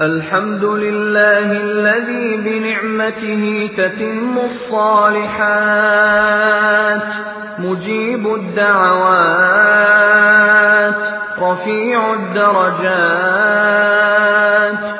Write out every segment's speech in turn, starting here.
الحمد لله الذي بنعمته تتم الصالحات مجيب الدعوات رفيع الدرجات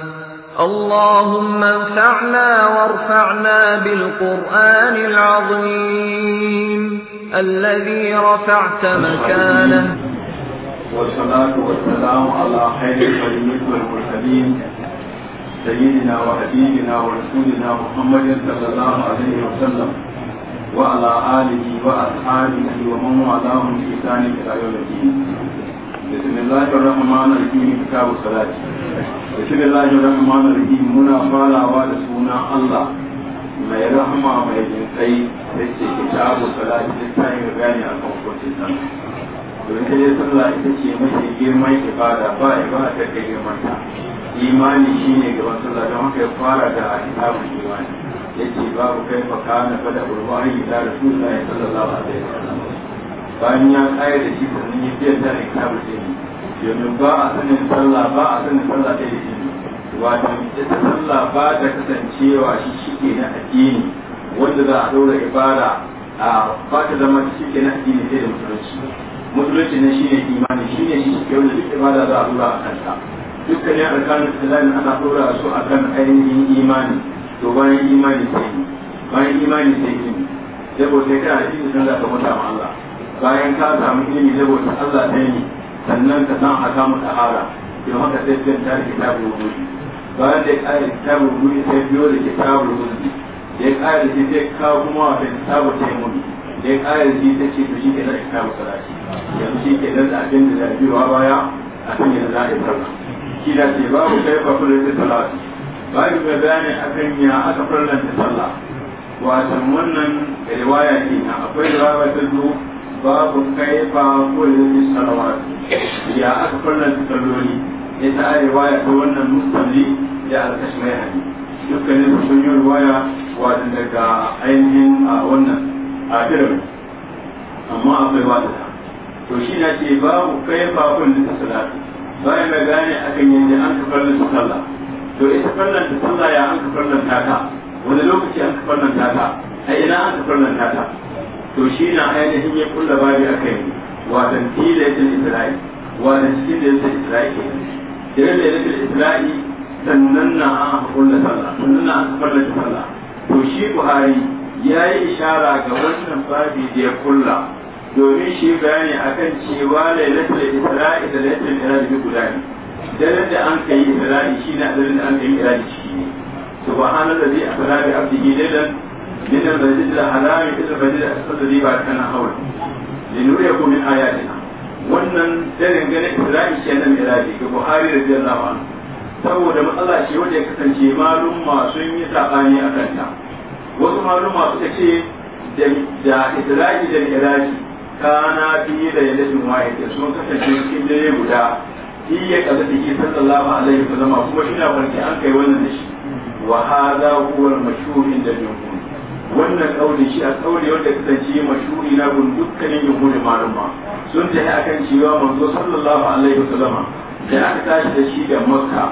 اللهم انفعنا وارفعنا بالقرآن العظيم الذي رفعت مكانه والصلاة والسلام على خير خليمك والمرسلين سيدنا وحبيبنا ورسولنا محمد صلى الله عليه وسلم وعلى آله وأصحابه ومن والاهم بإحسان إلى يوم الدين بسم الله الرحمن الرحيم كتاب الصلاة بسم الله الرحمن الرحيم منا فالا ورسولنا الله mai rahama mai jinkai da ce kitabu salati littafin bayani a kan hukuncin sallah domin ta dai sallah ita ce mafi girman ibada ba ibada ta kai girman ta imani shine gaban sallah don haka ya fara da kitabun imani yace babu kai fa kana fa da qur'ani da rasulullahi sallallahu bayan ya kayar da shi sannan ya biya ta da kitabu ce domin ba a sanin sallah ba a sanin sallah ta yi wato ita sallah ba da kasancewa shi shi ke na addini wanda za a ɗora ibada a ba ta zama ke na addini sai da musulunci musulunci ne shine imani ne shi ke wanda duk ibada za a ɗora a kanta dukkanin alƙalin islami ana ɗora su a kan ainihin imani to bayan imani sai bayan imani sai ilimi sai kai a cikin sun zaka a Allah bayan ka samu ilimi da bauta Allah ta yi sannan ka san aka mu tahara yau haka sai biyan ta da kitabul wudu'i bayan da ya kare kitabul wudu'i sai biyo da kitabul wudu'i da ya kare shi sai ka kuma wata kitabul taimumi da ya kare shi ta ce to shi ke da kitabul salati yanzu shi ke da abin da zai biyo baya a kan yadda za a yi sallah shi da ce babu kai fa kullu da salati babu ga bayani akan ya aka farlanta sallah wasan wannan riwaya ke akwai riwaya ta zuwa babu kai ba kullum salawat ya aka farlanta salloli ita a ya ta wannan musalli ya alkashi mai hadi dukkanin sun yi riwaya wata daga ainihin a wannan a firin amma akwai wata ta to shi na ce babu kai ba kullum Ba bayan mai gane akan yadda an ka farlanta sallah to ita farlanta sallah ya an ka farlanta ta wani lokaci an ka farlanta ta a ina an ka farlanta ta to shi na ainihin ya kulla babi a kai watan tilatul isra'i watan cikin da isra'i ke da lailatul isra'i sannan na an kulla sallah sannan na an kulla sallah to shi buhari ya yi ishara ga wannan babi da ya kulla domin shi bayani akan cewa lailatul isra'i da lailatul iraji guda ne daren da an kai isra'i shi na daren da an kai iraji ciki ne subhanallazi asra bi abdihi lailan zai da مثل مسجد الحرام مثل مسجد الصدري بعد كان حول لنريه من آياتنا wannan darin gane Isra'i ke nan Iraki ga Buhari da radiyallahu anhu saboda matsala ce wanda ya kasance malum masu yi sabani a kanta wasu malum masu ta ce da Isra'i da Iraki kana fi da yalatin wahid sun kasance cikin dare guda shi ya kaza da ke sallallahu alaihi wasallam kuma shi na warke an kai wannan da shi wa hadha huwa al da inda jumhur wannan kauli shi a kauli wanda kasance mashuri na gun dukkanin yahudi maluma sun tafi akan cewa manzo sallallahu alaihi wa sallama da aka tashi da shi da makka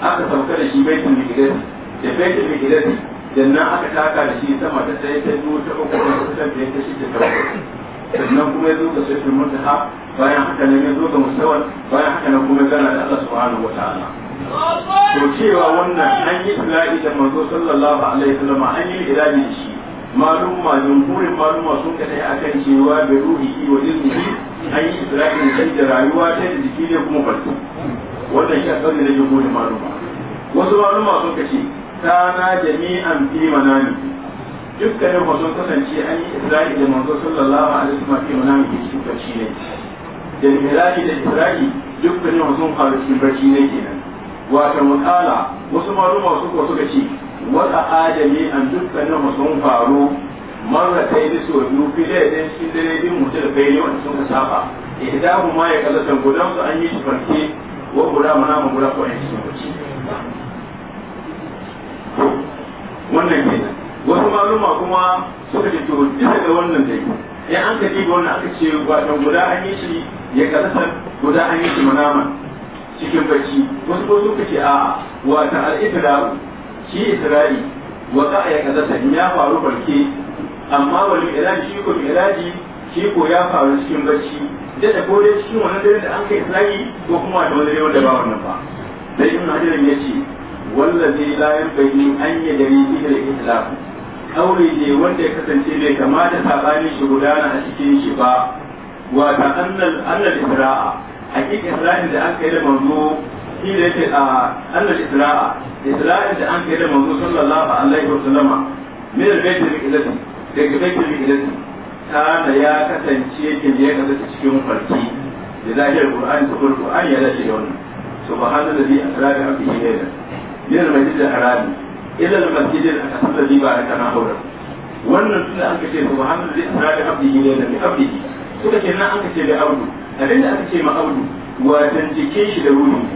aka sauka da shi baitul miqdis da baitul miqdis sannan aka taka da shi sama ta tsaye ta biyu ta uku ta kusa ta shi ta sannan kuma ya zo ga sai muntaha bayan haka ne ya zo ga musawar bayan haka ne kuma gana da Allah subhanahu wa ta'ala to cewa wannan an yi ilahi da manzo sallallahu alaihi wa wasallam an yi ilahi da shi malumma jumhurin malumma sun kada ya akan cewa da ruhi wa ilmihi an yi isra'il sai da rayuwa ta da jiki ne kuma farko wannan shi a sauri da jumhurin malumma wasu malumma sun kace na jami'an fi manami dukkanin ba sun kasance an yi isra'il da manzo sallallahu alaihi wasallam fi manami ke cikin barci ne da miraji da isra'il dukkanin ba sun faru cikin barci ne kenan wata mutala wasu maluma su ko suka ci wata adami an dukkanin sun faru marra ta yi so biyu fila da cikin dare din mutum da bai yawan sun saba mu ma ya kalla gudan su an yi shi farke wa guda mana mu guda ko an shi wannan ne wasu maluma kuma suka ji to duka da wannan dai Ya an ka ji wannan aka ce wato guda an yi shi ya kalla guda an yi shi manaman cikin bacci wasu ko suka ce a wata al-ibra'u shi isra'i wa ka ya kaza ya faru barke amma wani iraji shi ko iraji shi ko ya faru cikin bacci da da kore cikin wannan dare da an kai isra'i ko kuma da wani dare wanda ba wannan ba dai ibn hajar ya ce wallazi la yanbaghi an yadri fi al-islam Aure ne wanda ya kasance bai kamata sabani shi gudana a cikin shi ba wata annal annal isra'a hakikin isra'in da an kai da manzo shi da yake a annal isra'a isra'in da an kai da manzo sallallahu alaihi wa sallama min al-bayt al-iqdasi daga bayt al-iqdasi da ya kasance yake ya kasance cikin farki da zahir qur'ani da qur'ani ya dace da wannan subhanallazi asra bi abdihi layla min al-masjid al-haram ila al-masjid al-aqsa alladhi barakana hawla wannan suna an kace subhanallazi asra bi abdihi layla bi abdihi suka ce na an kace da abdu abin da aka ce ma audu jikin shi da ruhin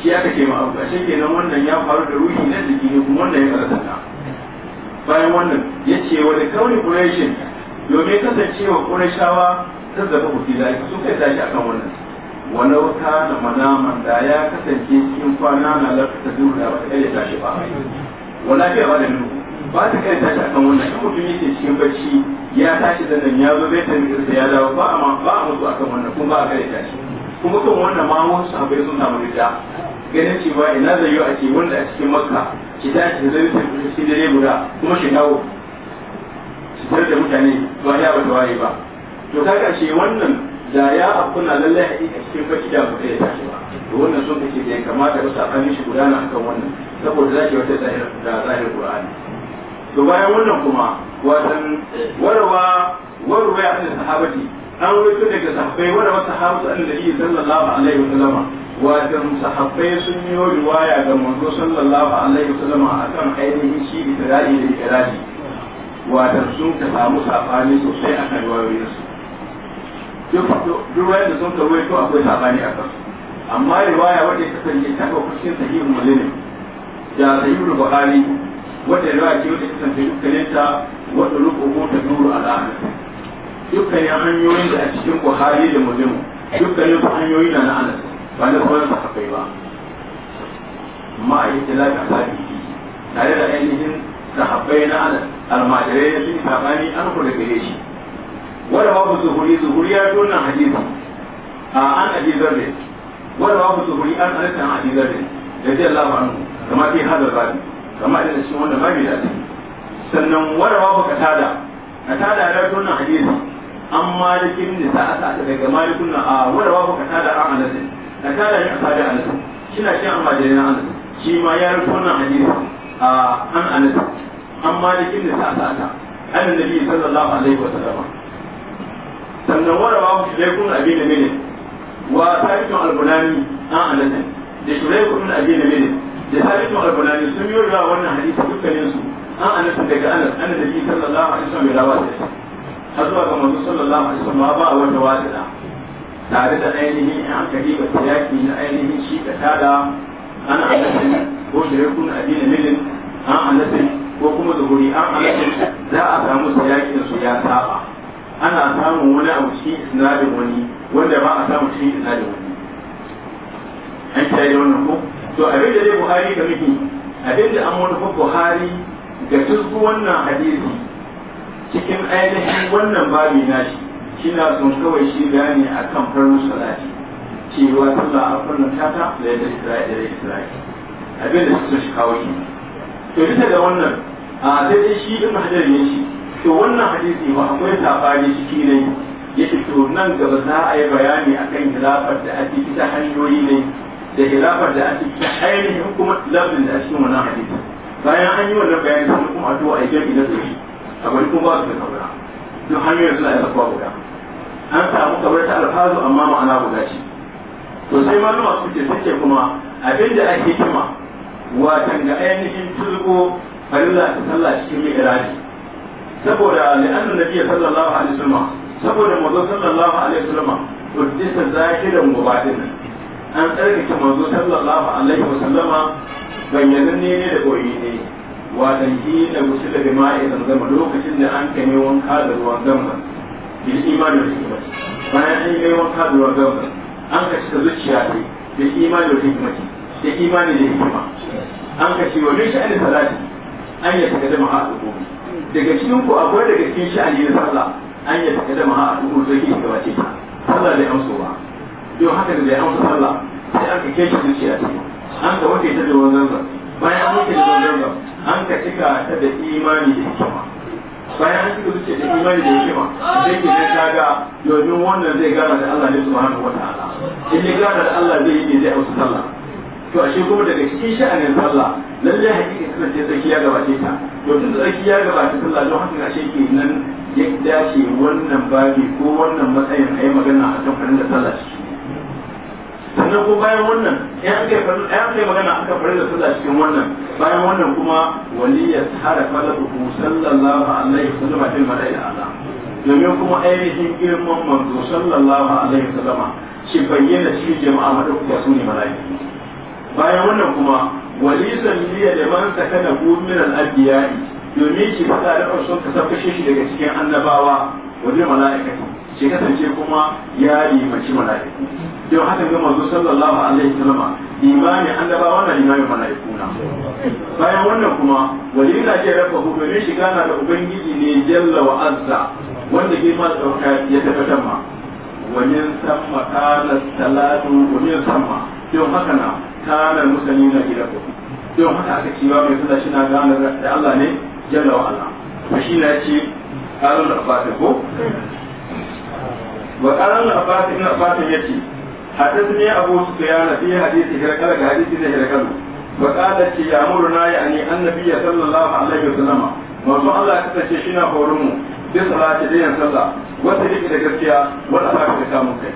shi aka ce ma audu a kenan wannan ya faru da ruhi na jiki ne kuma wannan ya karanta bayan wannan ya ce wani kauri kurashin domin kasancewa kurashawa ta zaba ku fila suka kai tashi akan wannan walau ta na manaman da ya kasance cikin kwana na lafi ta duru da ba ta kai da tashi ba wala fiye ba da nuna ba ta kai tashi akan wannan in mutum yake cikin bacci ya tashi da nan ya zo bai ta ya dawo ba a ba a mutu akan wannan kuma ba a kai tashi kuma kan wannan ma wasu sahabbai sun samu rida ganin cewa ina zai yi a ce wanda a cikin makka ki tashi da zai tafi shi dare guda kuma shi dawo shi tare da mutane ba ya ba ta waye ba to kaga ce wannan da ya afkuna lallai a cikin bacci da mutum ya tashi ba to wannan sun kake da kamata ka sa shi gudana akan wannan saboda zaki wata zahirar da zahirar Qur'ani to bayan wannan kuma watan warwa warwa ya da sahabati an rawaito daga sahabbai warwa sahabatu annabi sallallahu alaihi wasallam watan sahabbai sun yi riwaya ga manzo sallallahu alaihi wasallam akan ainihin shi da isra'i da ikiraji watan sun ta samu sabani sosai kan riwayoyin su duk ruwayan da sun ta rawaito akwai sabani a kan, amma riwaya wadda ta yi ta ga kuskin sahihul muslim da sahihul bukhari wata ya ce wata kasance dukkanin ta wata rukuku ta duru a al'ada dukkanin hanyoyin da a cikin buhari da muslim dukkanin hanyoyi na na'ana ba na sauran sahabbai ba ma a yi tilaka sahihi tare da ainihin haɓɓai na ana almajirai da suke sabani an kula gare shi wanda babu zuhuri zuhuri ya zo nan hadisi a an abi ne wanda babu zuhuri an halitta an abi zarri da zai lafa anhu kama fi hadar zabi kama irin cikin wanda ba mai daɗi sannan wanda ba ka tada ka tada ya rawaito nan hadisi an malikin da ta asa ta daga malikun na a wanda ba ka tada an anasin ka tada ne a tada anasin na shi an majiyar na anasin shi ma ya rawaito nan hadisi a an anasin an malikin da ta asa ta an nabi sallallahu alaihi wa sallama sannan wanda ba shi dai kun abin da mene wa tarikin albunani an anasin da shi dai kun abin da mene da sabit mu albalani sun yi rawa wannan hadisi dukkanin su an anas daga anas annabi sallallahu alaihi wasallam ya rawa sai har zuwa ga manzo sallallahu alaihi wasallam ba wanda wata da. tare da ainihin in aka riba tiyaki na ainihin shi ka tada an anasin ko shirkun adina milin an anasin ko kuma zuhuri an anasin za a samu tiyakin su ya saba ana samun wani abu cikin isnadin wani wanda ba a samu cikin isnadin wani an kiyaye wannan ko to abin da dai buhari ka miki abin da an manufa buhari ga tusku wannan hadisi cikin ainihin wannan babi nashi na son kawai shi gane akan farin salati cewa sallah a kullum tata da yadda isra'i da isra'i abin da suka shi kawo shi to bisa da wannan a sai dai shi ibn hajar ya shi, to wannan hadisi ba akwai labari ciki ne yake to nan gaba za a yi bayani akan hilafar da ake ta hanyoyi ne da ilafar da ake cikin ainihin kuma lafin da ake cikin wannan hadisi bayan an yi wannan bayani sai kuma addu'a a jami'i na tsari a wani kuma ba su da kabura duk hanyoyin suna yi zakuwa guda an samu kabar ta alfazu amma ma'ana guda ce to sai malama su ce suke kuma abinda ake kima watan ga ainihin turbo farilla ta sallah cikin mai irani saboda li'annu nabiyyi sallallahu alaihi wasallam saboda manzo sallallahu alaihi wasallam to dinsa zahiran mubatin an tsarkake manzo sallallahu alaihi sallama bayyanan ne ne da koyi ne watan ki da gusu da da zama lokacin da an kame wanka da ruwan zamzam bil imani da hikimati bayan an yi wanka da ruwan zamzam an ka cika zuciya ne bil imani da hikimati da imani da hikima an ka ce wani min sha'anin salati an yi ta da ma'a dubu daga cikin ku akwai daga cikin sha'ani na sallah an yi da jama'a a dubu zai yi wace ta sallah da amsowa yau haka da ya amsa sallah sai an kake shi zuciya ce an ka wanke ta da zanzan bayan an wanke da zanzan an ka cika ta da imani da hikima bayan an cika zuciya da imani da hikima zai ke zai kaga domin wannan zai gana da Allah ne subhanahu wataala in ya gana da Allah zai yi zai amsa sallah to ashe kuma daga cikin sha'anin sallah lallai hakika tana ce tsakiya ya gabace ta domin tsakiya ya gabace sallah don haka ashe ke nan ya dace wannan babi ko wannan matsayin a yi magana a kan da sallah sannan ko bayan wannan ya kai ya magana aka fara da sallah cikin wannan bayan wannan kuma waliyya tsara falaku sallallahu alaihi wasallam fil mala'ika domin kuma ainihin girman manzo sallallahu alaihi wasallam shi bayyana shi jama'a madaukakiya su ne mala'ika bayan wannan kuma walisan liya da man sakana hu min al-adiyai domin shi fada da sun ka shi daga cikin annabawa wajen mala'ikatu shi kasance kuma ya limanci mala'iku don haka ga manzo sallallahu alaihi wasallam imani annabawa na imamin mala'iku na bayan wannan kuma walila ke rafa domin shi gana da ubangiji ne jalla wa azza wanda ke ma dauka ya tabbatar ma wajen samma kana salatu wajen ma don haka na kana musani na gida ku don haka aka ba mai sallah shi na gana da Allah ne jalla wa Allah shi na ce Allah ba ta ko وقال ابن عباس ابن عباس يأتي حدثني أبو سفيان في حديث هرقل كحديث هرقل وقالت يأمرنا يعني النبي صلى الله عليه وسلم manzo Allah ka shi na horon mu bi salati da sallah wanda yake da gaskiya wanda aka ka samu kai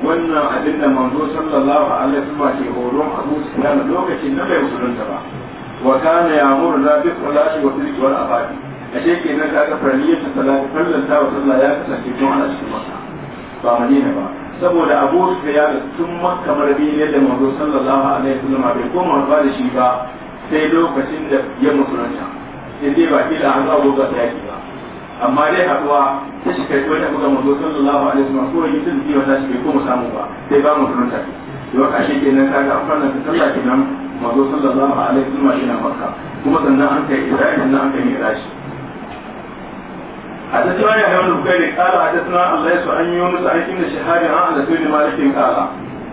wannan abin da sallallahu alaihi wasallam ke horon Abu Sufyan lokacin na bai musulunta ba wa kana ya'muru na bi salati wa tilki wal afadi ashe kenan ka ya kasance tun ba madina ba saboda abu su ya tun makka marbi ne da manzo sallallahu alaihi wasallam bai koma ba da shi ba sai lokacin da ya musulunta sai dai ba kila an zo ga yaki ba amma dai haduwa ta shi kai wani buga ga sallallahu alaihi wasallam ko yi tun biyo ta shi bai koma samu ba sai ba musulunta yau a shi kenan ka ga fara ta sallah kenan manzo sallallahu alaihi wasallam shi na makka kuma sannan an kai isra'ila nan an kai mirashi حدثنا يحيى بن بكير قال حدثنا عن ليس عن يونس عن ابن شهاب عن انس بن مالك قال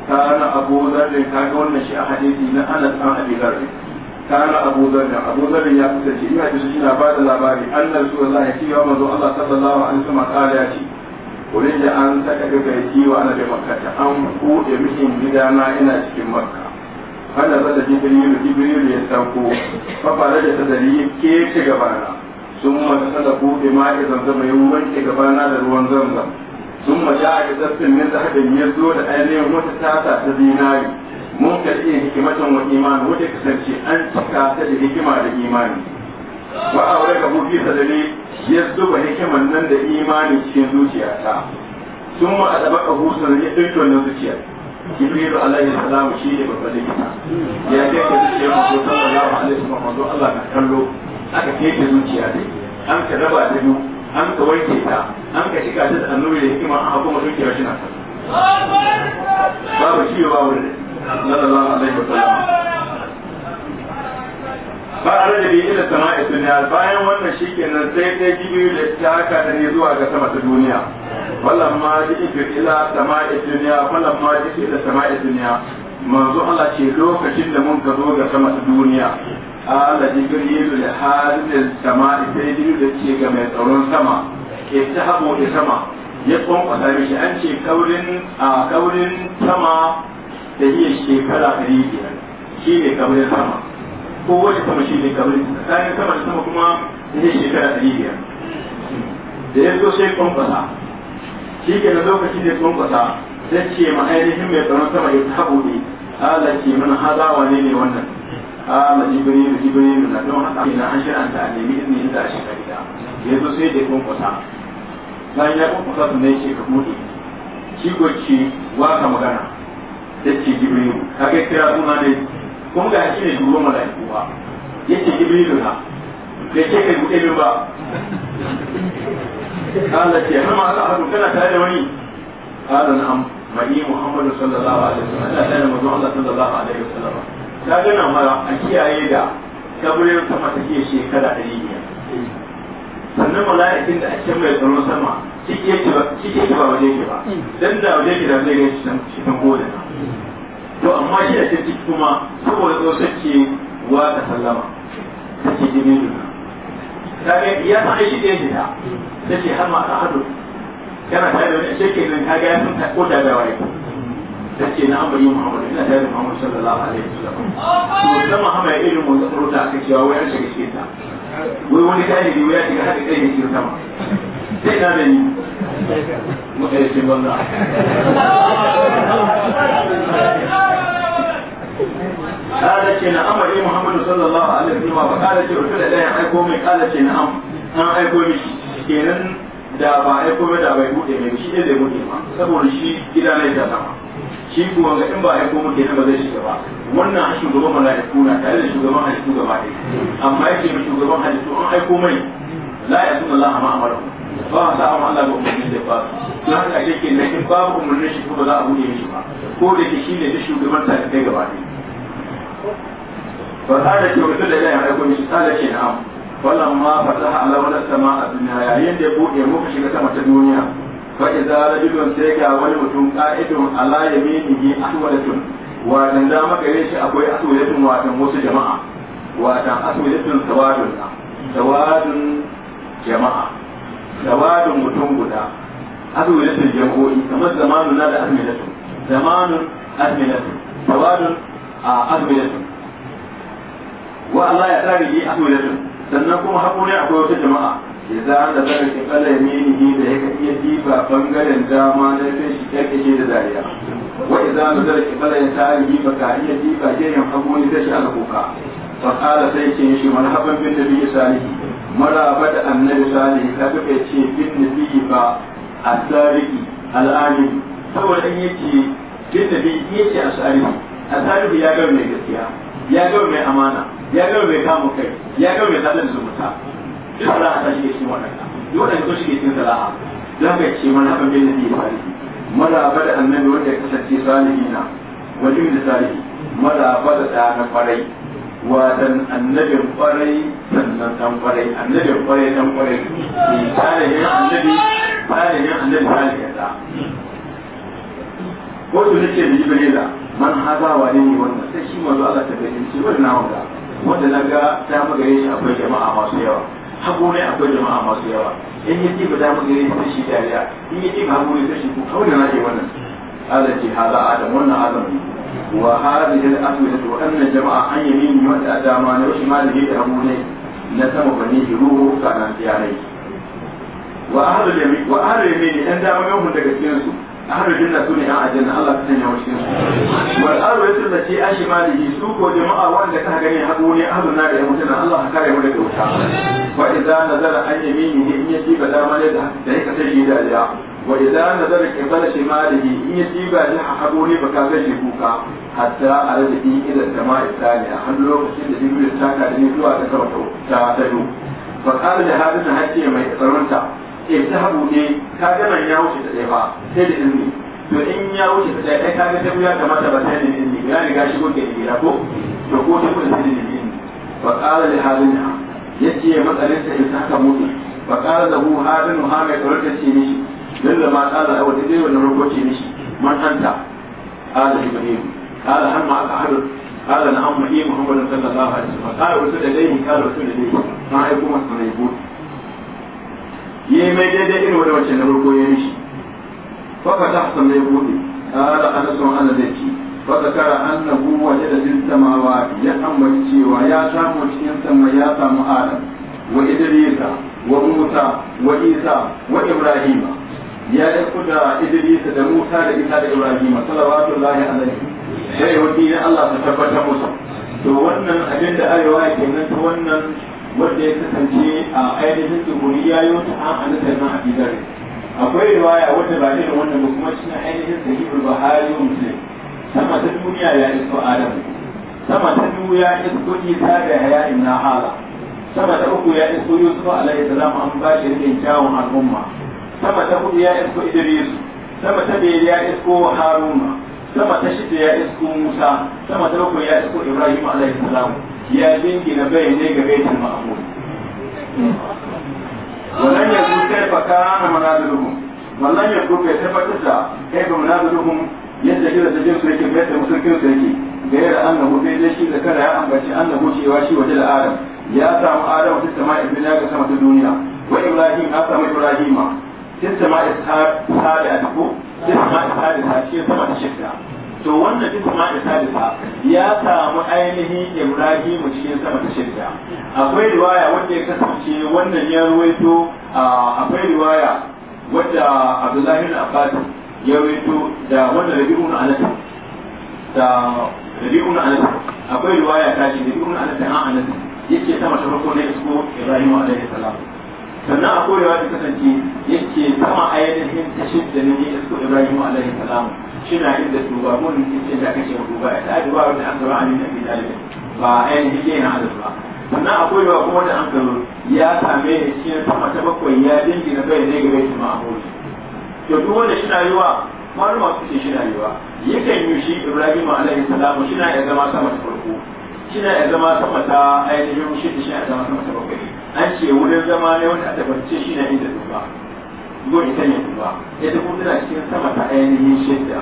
كان ابو ذر كان قلنا شيء حديثي لا انس عن ابي ذر كان ابو ذر ابو ذر يا كتشي ما تشي بعد الاباري ان رسول الله يتي يوم الله صلى الله عليه وسلم قال ياتي wurin da an saka daga yi wa annabi makka an buɗe mihin gidana ina cikin makka hada zata jibrilu jibrilu ya sauko fa fara da sadari ke ci gabana sun mata da buɗe ma'i zamzam ya wanke gabana da ruwan zamzam sun maja a zaffin min da haɗin ya zo da ainihin wata tasa ta zinari mun iya hikimatan wa imani wata kasance an cika ta da hikima da imani wa a wurin ka bufi sadari ya zuba hikiman nan da imani cikin zuciyata sun ma a ɗaba ƙahu sanar ya ɗauki wannan zuciyar jibril alaihi salamu shi ne babban likita ya ce ka zuciyar mutum sallallahu alaihi wasallam Allah na kallo aka keke zuciya ne an ka raba ta biyu an ka wanke ta an ka shiga ta da annabi da hikima an hakuma sun kira shi na babu shi babu wani sallallahu alaihi wasallam ba a rage bi ila a duniya bayan wannan shikenan sai ta jibiyu da ta haka da ne zuwa ga sama ta duniya wallan ma jibiyu ila a duniya wallan ma jibiyu ila sama'i duniya manzo Allah ce lokacin da mun ka zo ga sama ta duniya ala jibrilu da halin sama sai jibrilu da ce ga mai tsaron sama ke ta hamo da sama ya kwankwasa mishi an ce kaurin a kaurin sama da iya shekara ɗari biyar shi ne kaurin sama ko wani kuma shi ne kaurin tsakanin sama da sama kuma da iya shekara ɗari biyar da ya zo sai kwankwasa shi ke da lokaci da kwankwasa sai ce ma ainihin mai tsaron sama ya tabo ne ala ce mana hazawa wane ne wannan قال جبريل جبريل لأنه حتى إلى أن شأن تأليم إني إلا شكريا يزو سيد يكون قصا لا يكون قصا تنيشي كمودي شيكو شي واقع مغانا تشي جبريل كاكي كراتونا دي kuma ga shi ne duro mala'iku ba yake jibrilu na da ke kai buɗe ba kala ce har masu ahadu kana tare da wani kala na am mai muhammadu sallallahu alaihi wasallam Allah tare da Allah sallallahu alaihi wasallam ta gana mara a kiyaye da kaburin sama take shekara ɗari biyar sannan mala'ikin da ake mai tsaron sama cike ki ba waje ki ba dan da waje ki da zai gani shi san gode to amma shi a ciki kuma saboda tsosar ke wa ta sallama ta ce jini nuna ta ga ya san shi da shi ta ta ce har ma ta hadu kana ta da wani shekin nan ta ga ya san ta ko da gawa ya tace na amari muhammadu ina da muhammadu sallallahu alaihi wasallam to sama hama ya irin mun rubuta aka cewa wai shiga cikin ta wai wani kai ne wai shiga hada kai ne cikin sama sai na da ni mutai cikin wannan قال كنا أمر محمد صلى الله عليه وسلم فقال رسول الله أيكم قال كنا أم أنا أيكم kenan da ba aiko ba da bai bude mai shi ne zai a ma saboda shi gida ne shi in ba a yi komai da ba zai shiga ba wannan shugaban mala'iku na tare da shugaban halittu gaba ɗaya amma yake shugaban halittu an aiko mai la ya tuna amara ba ba da ba su haka umarnin shi ko za a buɗe mishi ba ko da ke shi ne da shugaban ta gaba ɗaya ke da ya aiko mishi wallan ma fasaha Allah wala a yayin da ya buɗe muka shiga sama ta duniya fa idza rajulun sai wani mutum qa'idun ala yaminihi ahwalatun wa dan da magare shi akwai aswalatun wa dan wasu jama'a wa dan aswalatun tawadun tawadun jama'a tawadun mutum guda aswalatun jam'o'i kamar zamanun na da aswalatun zamanun aswalatun tawadun a wa ya sannan kuma akwai wata jama'a idza za da zaka ki kala yaminihi da yake iya diba bangaren dama na kai shi take shi da dariya wa idza an da zaka kala ya tarihi ba ka iya diba gehen hagu ne kashi alkuka fa qala sai ce shi marhaban bin nabi salihi maraba da annabi salihi ka duka ce bin nabi ba asariki al'alim saboda in yace bin a yace a asariki ya gaba mai gaskiya ya gaba mai amana ya gaba mai kamun kai ya gaba mai tsadan zumunta duk salaha ta shige cikin wannan duk wannan ko shige cikin salaha dan bai ce mana ban bin nabi ba mala bada annabi wanda ya kasance na wani da salihi mala bada da na kwarai watan annabin kwarai sannan dan kwarai annabin kwarai dan kwarai ne eh, salihin annabi salihin annabi salihin da ko to nake da jibrila man haza wa ne wannan sai shi manzo Allah ta bayyana shi wannan wanda wanda naga ta magare shi akwai jama'a masu yawa haƙorai akwai jama'a masu yawa in yi ɗiba damu ne ta shi dariya in yi ɗiba haƙorai ta shi ko wani na ce wannan ala ce hada adam wannan adam wa hada da asibiti da waɗannan jama'a an yi mini wata dama na wasu ma da yake ne na sama bane hiru kanan tiyarai wa ahadu yamin wa ahadu yamin ɗan dama yawan daga cikinsu ahlul su ne yan aljanna Allah ka sanya wa cikin su wal arwatu allati malihi, su ko jama'a wanda ka gani hago ne ahlun nar da mutuna Allah ka kare mu daga wuta wa idza nazara an ne in yaji ba da mali da da ka sai shi da ya wa idza nazara qibala shimalihi in yaji ba da hago ne ba ka sai shi kuka hatta arziki ila sama'i tsaniya har lokacin da jibril ta ka da zuwa ta karto ta ta fa qala da hadin hakki mai tsaronta iltahabu eh, ne ka ga ya wuce ta ɗaya ba sai da ilmi to in ya wuce ta ɗaya ka ga ta ya kamata ba sai da ilmi ya riga shigo ke gida ko to ko ta kuma sai da ilmi fa qala li halina yace matsalin ta in mutu fa qala lahu halinu ha mai tsorata ce mishi lalla ma qala aw da dai wannan rokoci ce mishi man anta qala ibrahim qala hamma aka hadu قال نعم محمد صلى الله عليه وسلم قال رسول اليه قال رسول اليه ما يكون مصنع يقول yi mai daidai irin wani wacce na farko ya mishi faka ta hasan mai bude. ƙara ana son ana zai ci faka kara an na buwa ya da zin samawa ya ambaci cewa ya samu cikin sama ya samu adam wa idrisa wa musa wa isa wa ibrahima ya ɗauko da idrisa da musa da isa da ibrahima salawatullahi alaihi sai wani na allah ta tabbatar musu to wannan abin da arewa ke nan ta wannan wanda ya kasance a ainihin tuhuri ya yi wata an anasar na hadisar akwai riwaya wata ba irin wannan ba kuma cikin ainihin ba har wa muslim sama ta duniya ya isko adam sama ta duniya ya isko isa da haya na hala sama ta uku ya isko yusuf alaihi salam an ba shi rikin kyawun al'umma sama ta hudu ya isko idris sama ta biyar ya isko haruna sama ta shida ya isko musa sama ta bakwai ya isko ibrahim alaihi salam ya jingina bai ne ga baitul ma'mur wannan ya kuka fa kana manazuhum wannan ya kuka ta tabbatar da kai ga manazuhum yadda kira da jinsu yake bai da musulkin su yake ga yadda annahu bai da shi da kana ya ambaci annahu wa shi da adam ya samu adam ta sama'i ibn ya ga sama ta duniya wa ibrahim ya samu ibrahima sai sama'i ta ta da ko sai sama'i ta da shi sama ta shekara to wannan da salisa ya samu ainihin ibrahim cikin sama ta shirya akwai riwaya wanda ya kasance wannan ya ruwaito akwai riwaya wadda abdullahi bin abbas ya ruwaito da wanda na anas da na anas akwai riwaya ta ce na anas an anas yake sama ta farko na isko ibrahim alaihi salam sannan akwai riwaya ta kasance yake sama ainihin ta shirya ne isko ibrahim alaihi salam shina inda duba ko ne ce da kace duba da duba wanda an zama amin nabi dalil ba ainihin yana hadis ba wannan akwai wa kuma da an zama ya same ya cikin sama ta bakwai ya dingina bai ne gare shi ma aboki to duk wanda shina yi wa malama su ce shina yi wa yakan yi shi ibrahim alaihi salam na ya zama sama ta farko shi na ya zama sama ta ainihin shi shina ya zama sama ta bakwai an ce wurin zama ne wanda a tabbace na inda duba yau ita ne kuma ita kuma tana cikin sama ta ainihin shidda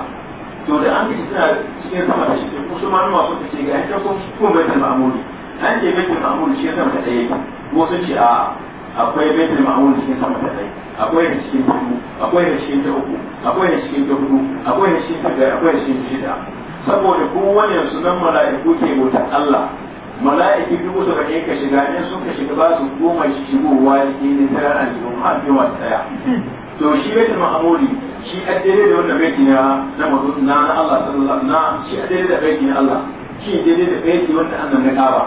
to da an kaji tana cikin sama ta shidda ko su malama sun ce ga ita ko ko mai tana ma'amuli an ce mai tana cikin sama ta ɗaya ko sun ce a akwai mai tana ma'amuli cikin sama ta ɗaya akwai da cikin akwai da cikin ta uku akwai da cikin ta hudu akwai da cikin ta biyar akwai da cikin shida saboda kowane sunan mala'iku ke bautar Allah mala'iki duk suka je ka shiga in suka shiga ba su goma shigowa cikin nisarar aljihun har fi wata tsaya to shi bai ta mahamudi shi a daidai da wannan baiti na na mazu na na Allah sallallahu na shi a daidai da baiti na Allah shi a daidai da baiti wanda an na kaba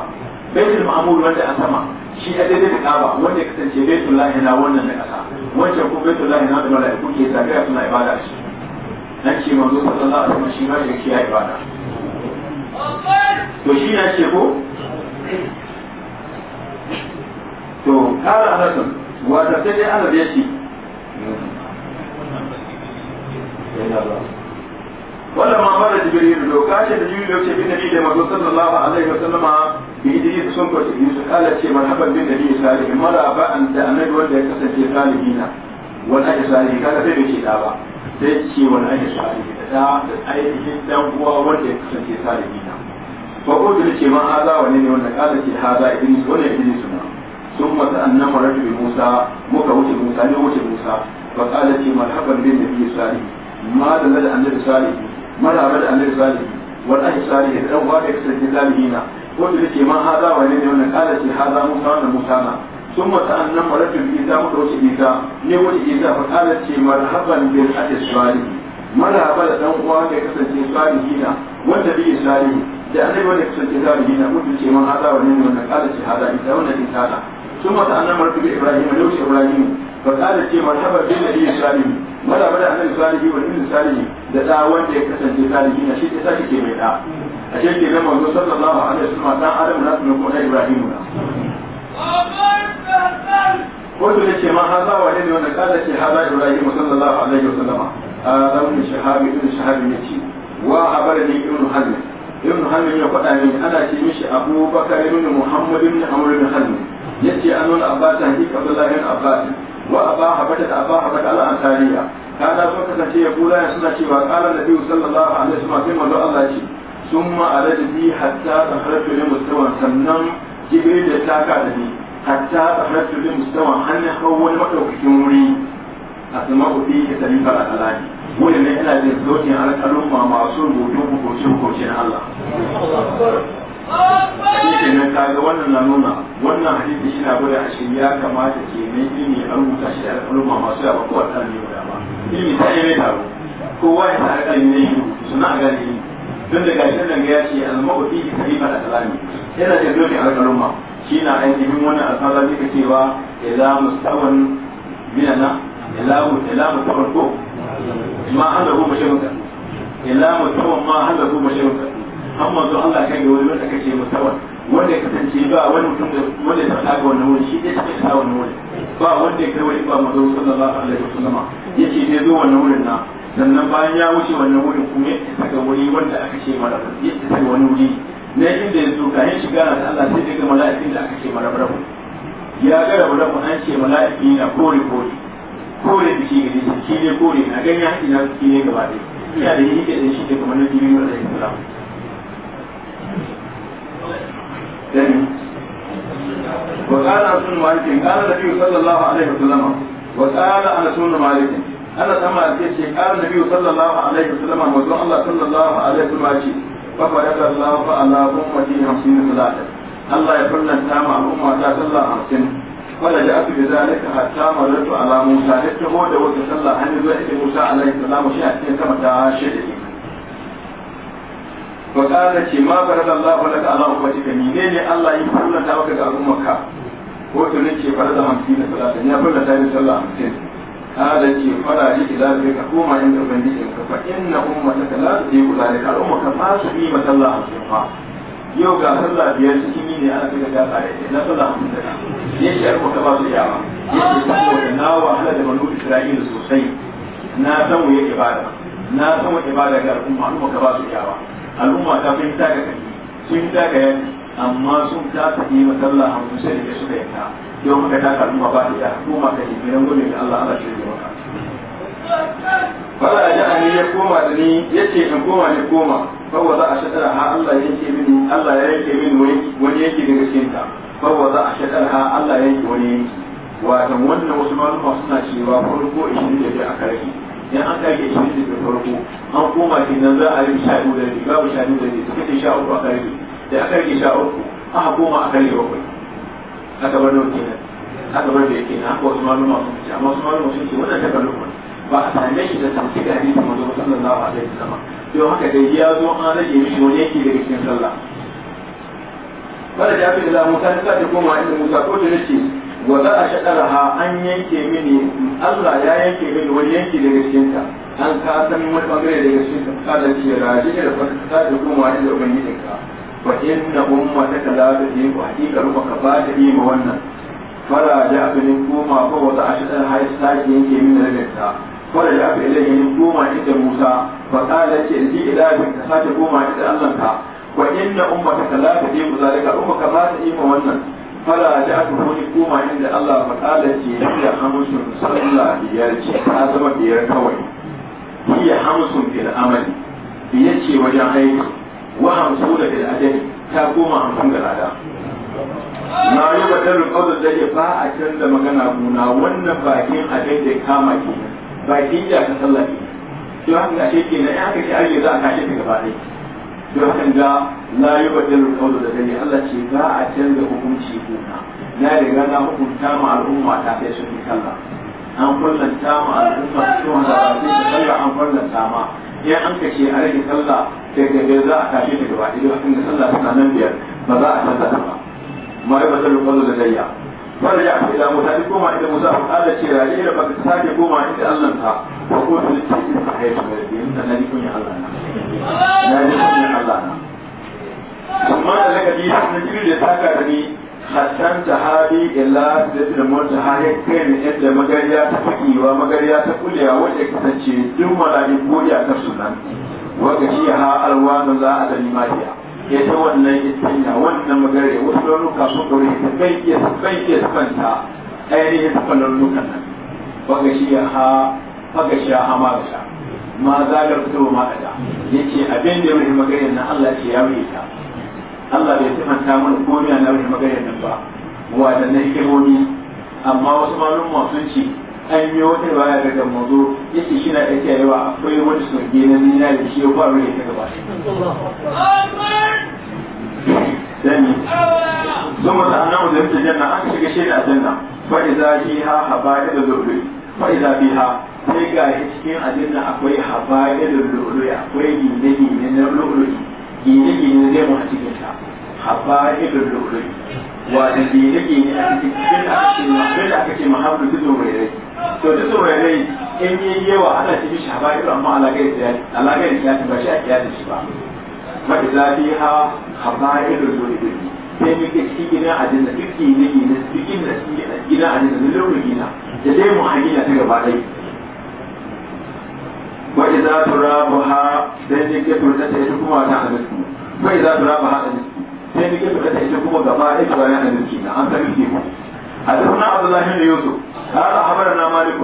baitul mahamudi wanda a sama shi a daidai da kaba wanda kasance baitul lahi na wannan na kasa wancan ko baitul lahi na da mala'iku ke zagaya suna ibada shi nan ce manzo sallallahu alaihi wasallam shi ma shi ya ibada to shi na ce ko to kara hasan wata sai dai ana da shi wanda ma mara jibril doka ce da jibril ce bin nabi da manzo sallallahu alaihi wasallam bi idris sun ko ce su kala ce marhaban bin nabi salih mara ba an da annabi wanda ya kasance salihina wal ayi salih kaga sai bai ce da ba sai ce wal ayi salih da da ainihin dan uwa wanda ya kasance salihina fa qultu ce man ne wannan kala ce haza idris wala idris na sun mata annan maratu bi musa muka wuce musa ne wuce musa fa kala ce marhaban bin nabi salih ma da da annabi salih marhaba da annabi salih wal ahli salih da dan waka sai salihina qultu ce man haza wa ne wannan kala ce haza musa wannan musa na ثم تأنم ولد إذا مدرس إذا نقول إذا فقالت مرحبا بالحد الصالح مرحبا والنبي صالح da annabi wanda kusan ke zawo gina mutu ce man hada wa kala ce hada ita sun mata ibrahim da ibrahim ba kala ce bin annabi wa da wanda ya kasance salihu na shi ta ke mai a ce ke sallallahu alaihi adam na kuma na ibrahim na ce man hada wa kala ce hada ibrahim sallallahu alaihi a zamanin shahabi ibn shahabi ne wa ibn ibn hamid ya faɗa min ana ce mishi abubakar bakar ibn muhammad ibn amr ibn hannu ya ce an wani abbas hakika abdullahi ibn abbas wa abba habata da abba habata ala ansariya kana sun kasance ya kula suna cewa qala nabi sallallahu alaihi wasallam sai manzo Allah ce summa alad bi hatta taharatu li mustawa sannan jibril ya taka da ni hatta taharatu li mustawa hannu hawo wani madaukakin wuri a sama ku fi ta talifa al-alaji wadannan yana da dokin alƙalumma masu rubutun hukuncin na Allah shi nan kaga wannan na nuna wannan hadisi shi na gwada ashe ya kamata ke nan ilimi a rubuta shi da alƙalumma masu yawa ko wata ne ba ilimi ta yi mai taro kowa ya sa alƙalin ne shi rubutu suna a gane ilimi don da gashin nan ya ce almabu fi isaiba da kalami yana da dokin alƙalumma shi na ainihin wannan alƙalami ka cewa ya za mustawan minana ilamu ilamu ta farko ma halahu mashirinka ilamu ta ma halahu mashirinka an manzo Allah kai ga wani wanda kace musawan wanda ya kasance ba wani mutum da wanda ya faɗa ga wannan wuri shi ne take sa wannan wuri ba wanda ya kai wani ba manzo sallallahu alaihi wasallam yace sai zo wannan wurin na sannan bayan ya wuce wannan wurin kuma ya saka wuri wanda aka ce mara ya saka wani wuri na inda ya zo ga yin shiga na Allah sai daga mala'ikin da aka ce mara ya ga rabu rabu an ce mala'iki na kore kore kore da shi gari shi ne kore na gani haƙi na su ne gaba ɗaya ina da yake da shi da kamar na jini mara yin sura dan wa qala Malikin. malik qala biyu sallallahu alaihi wasallam wa qala ana sunna Malikin. ana sama ce ce qala biyu sallallahu alaihi wasallam wa Allah sallallahu alaihi wasallam ce fa farada Allah fa ala ummati 50 salatan Allah ya farlanta ma umma ta sallah 50 wala da yi bizalika hatta maratu ala musa da taho da wata sallah hannu da ita musa alaihi salam shi a cikin sama ta shirye wa kana ce ma farada Allah laka ala ummatika ne Allah ya kula ta maka ga al'ummarka ko to ne ce farada hamsin da salata ya farada ta yi sallah hamsin kada ce fara ji ila bai ka koma inda ubangijinka fa inna ummataka la tudiku ka al'ummarka ba su yi masalla hamsin fa yau ga sallah biyar cikin yini ana kai ga tsare na sallah hamsin da ya ce ko ka ba su ya yawa yake ce saboda na wahala da manu Isra'ila sosai na san wa ibada na san wa ibada ga al'umma al'umma ka ba su ya yawa al'umma ta fahimta ga kai sun ta ga yaki amma sun ta ta yi sallah hamsin sai da suka yanka yau haka ta al'umma ba ta yawa al'umma ka yi gidan gudun da Allah Allah shi ne maka fara ya ani ya koma da ni yace in koma ni koma fa wa za a shadara ha Allah yake mini Allah ya yake mini wani yake daga cikin ta fa wa za a shadara ha Allah ya yake wani yake wato wannan wasu malama suna cewa farko 20 da aka rage in an kage 20 da farko an koma kenan za a yi sha da ni babu sha da ni suke ce sha uku aka rage da aka rage sha uku aka koma aka rage bakwai aka bar nau kenan aka bar da yake na haka wasu malama sun ce amma wasu malama sun ce wannan takalluf ba. ba a same shi da tafi da hadisi manzo sallallahu alaihi wasallam don haka dai ya zo an rage mishi wani yake daga cikin sallah wanda da abin da Musa ta ta koma inda Musa ko ta ce wa za a ha an yanke mini Allah ya yanke mini wani yanke daga cikin ta an ka san wani bangare daga cikin ta kada ce raje da ta ta koma inda ubangijinka wa inna ummataka la tudiku haqiqa ruka ba ta yi ma wannan fara da abin koma ko wa za a shaɗaraha ya sake yanke mini daga ta wanda ya fi ilayi goma inda musa fa kala ce ji ila bin ka sake goma inda allah ka wa inna ummaka talaka ji mu zalika ummaka ba ta yi wannan fara da aka wani goma inda allah ba fa da ce ya hamsun sallah biyar ce ta zama biyar kawai hiya hamsun fil amali biyar ce wajen aiki wa hamsu da fil ajali ta goma hamsin da lada na yi wa dalil kawai da ba a canza magana guna wannan bakin abin da kama kenan ba shi ya kan tallafi. ne to haka ga shi kenan in haka shi arge za a kashe ta gaba ɗaya to haka ga la yubadil qawl da dani Allah ce za a canza hukunci ko na na riga na hukunta ma al'umma ta sai su kalla. an kullanta ma al'umma su wanda ba su sallah an kullanta ma in an kashe a rage sallah daga da za a kashe ta gaba ɗaya to haka ga sallah tana nan biyar ba za a canza ta ba ma yubadil qawl da dani wanda ya fi damu ta koma inda musa abu ala ce raje da ba ta sake koma inda allah ta ba ko ta ce in ta haifu da ya nuna na nufin ya allah na na nufin allah na amma da daga ji na jiri da ta ni hassan ta hali illa da su da mota kai ne magariya ta fakiwa magariya ta kulewa wanda duk mala'iku ya wa gashi ha alwanu za a da ya ta wannan istinya wannan magare wasu launuka sun kore ta kan su kan su kanta ainihin su kan launukan nan waga ya ha waga shi ya ha ma ga sha ma za ga fito ma da ya ce abin da ya wuce magare nan Allah ce ya wuce ta Allah bai manta mana komiya na wuce magare nan ba wa da na hikimomi amma wasu malumma sun ce an yi wata baya daga mazo yake shi na ɗauke yawa akwai wani soge na nina da shi ya faru ya ta gaba dani sun mata annabu da yake janna an shiga shi a janna fa iza shi ha haba'i da zurri fa iza bi ha sai ga cikin aljanna akwai habaya da zurri akwai gine-gine na lurri gine-gine zai mu a cikin ta habaya da lurri wa da gine-gine a cikin da aka ce mahabbu da zurri to da saurayi in yi yawa ana ci mishi ba irin amma alaƙa da ya ba shi a kiyar da shi ba wata zafi ha haba irin zuwa irin sai mu ke cikin gina a jinda duk yi ne yi na cikin gina a jinda na lura gina da dai mu hanyar ta gaba dai wata za ta rabu ha dan ne ke turta ta ta kuma ta halittu wata za ta rabu ha da nisku sai mu ke turta ta ta kuma gaba dai ta bayan halittu na an ta ke mu a abu zafi da yusuf قال أخبرنا مالك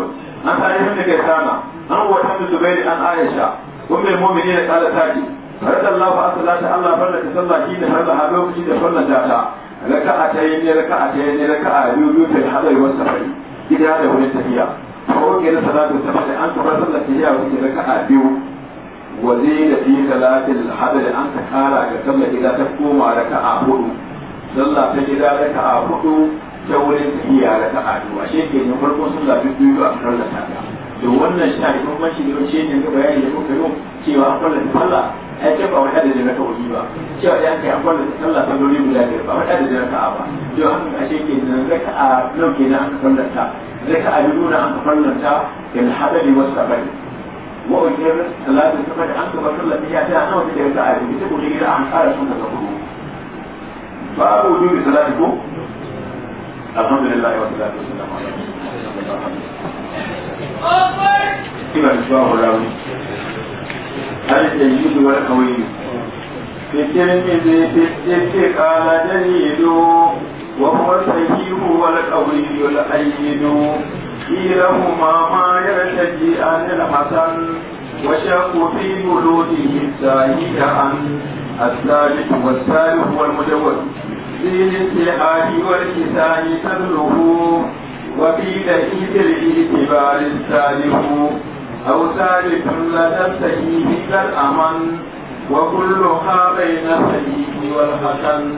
عن سعيد بن كيسانة عن وحيد بن زبير عن عائشة أم المؤمنين قالت هذه فرد الله فأصلاة الله فرد صلى حين فرد حبيب حين فرد جاتا ركعتين ركعتين ركعة يوجد في الحضر والسفر إذا هذا هو التحية فأوكي لصلاة السفر أن تفرد صلى التحية وفي ركعة بيو وزيد في صلاة الحضر أن تقال كما إذا تقوم ركعة هدو صلى في إذا ركعة هدو ta wurin tafiya da ta ado a shekin na farko sun zaɓi biyu a kan da ta da wannan shi na da kuma shi da shi ne ga bayani da kuka yi cewa an kwallon sallah ai ce ba wata da jira ta wuri ba cewa ya ce an kwallon sallah ta dole guda biyar ba wata da jira ta ba to an a shekin nan raka a nauke na an kwallon ta raka a biyu na an kwallon ta da hadari wasu sabari wa wajen salatu sama da an gaba sallah ta ya a nawa ta da ta a biyu ta kuma gida an fara sun da ta kudu babu biyu da salatu ko alhamdulillah wa salatu wassalamu ala kiba shuwa hurawi hal jayyid wal qawiy fi kalmi fi qala jalilu wa huwa sahih wal qawiy wal ayyid كيلهما ما يرتدي عن الحسن وشاق في بلوده الزاهد عن الثالث والثالث والمجوز في الاتحاد والكتاب تبلغ وفي دقيق الاعتبار السالف أو ثالث لدى تستهيه كالأمن وكلها بين السيف والحسن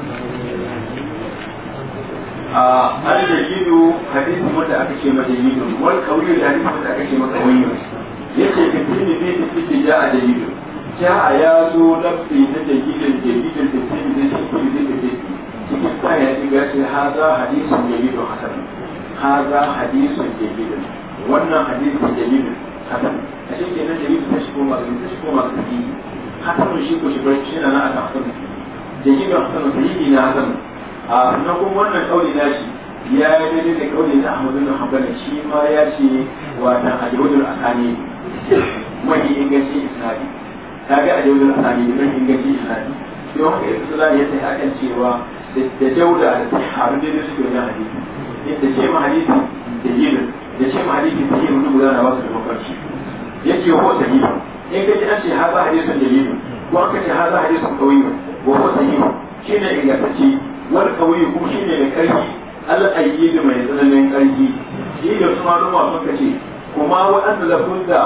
الجيد حديث مدى أكشي مجيد والقوي الحديث مدى أكشي مقوي يكي كتير في تسيك جاء جيد جاء يازو نفسي تجيد الجيد التسيك في تسيك cikin kan ya diga ce haza hadisun jalilun hasan haza hadisun jalilun hasan a shi ke nan jalilun ta masu ta shigo masu sahihi hasan shi ko shi bari shi na na aka hasan jalilun hasan sahihi na hasan na kuma wannan kauli na shi ya yi daidai da kauli na ahmadu na shi ma ya a jawudul ta ga a don cewa da dauda da abin da suke wajen hadisi da ce ma hadisi da yilin da ce ma hadisi da yilin duk guda na su da mafarki yake wa wata yi in ka ji an ce haza hadisin da yilin ko an ka ce haza hadisin kauyi wa wata yi shi ne ingantacce wani kauyi kuma shi ne da karfi al'ayyi da mai tsananin karfi shi da su maluma sun ka ce kuma waɗanda lafun da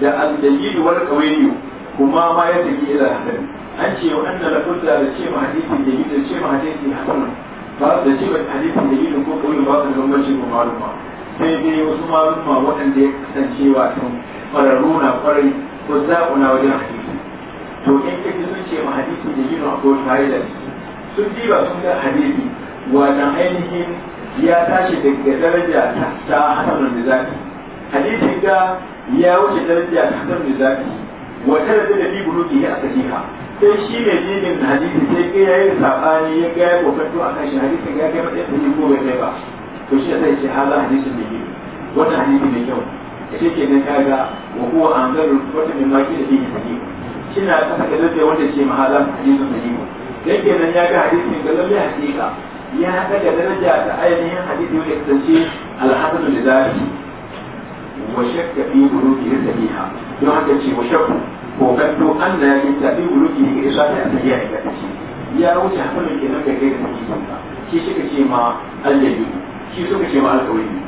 da al-dalil wal kauyi kuma ma ya tafi ila hadari an ce wa anna la da ce ma hadisi da yi da ce ma hadisi hasan ba da ce ba hadisi da yi da ko kawai ba da bambanci ko maluma sai dai wasu maluma waɗanda ya kasancewa sun ƙwararru na ƙwarai ko zaɓuna wajen hadisi to in ka sun ce ma hadisi da yi da ko tare da sun ji ba sun ga hadisi wannan ainihin ya tashi daga daraja ta hasanun da zaɓi hadisin ga ya wuce daraja ta hasanun da zaɓi wata da da bi buluki a sahiha sai shi ne jibin hadisi sai ke yayi sabani ya ga yayi kokarto akan shi hadisi ga ga matsayin da ko bai ba to shi sai shi hala hadisin da yake wannan hadisi ne kyau shi ke nan kaga wa huwa anzaru wata min maki da yake shi na kasa ga lalle wanda ce mahala hadisin da yake dan kenan ya ga hadisin ga lalle hakika ya daga daraja da ainihin hadisi wanda ya kasance alhasan da lidari wa shakka fi buruki sahiha don haka ce wa shakku kokarto an da ya yi tafi buluki ne ga isa da ta yi ga ya wuce hakan ke nan da kai da take son ba shi suka ce ma aljabi shi suka ce ma alƙawari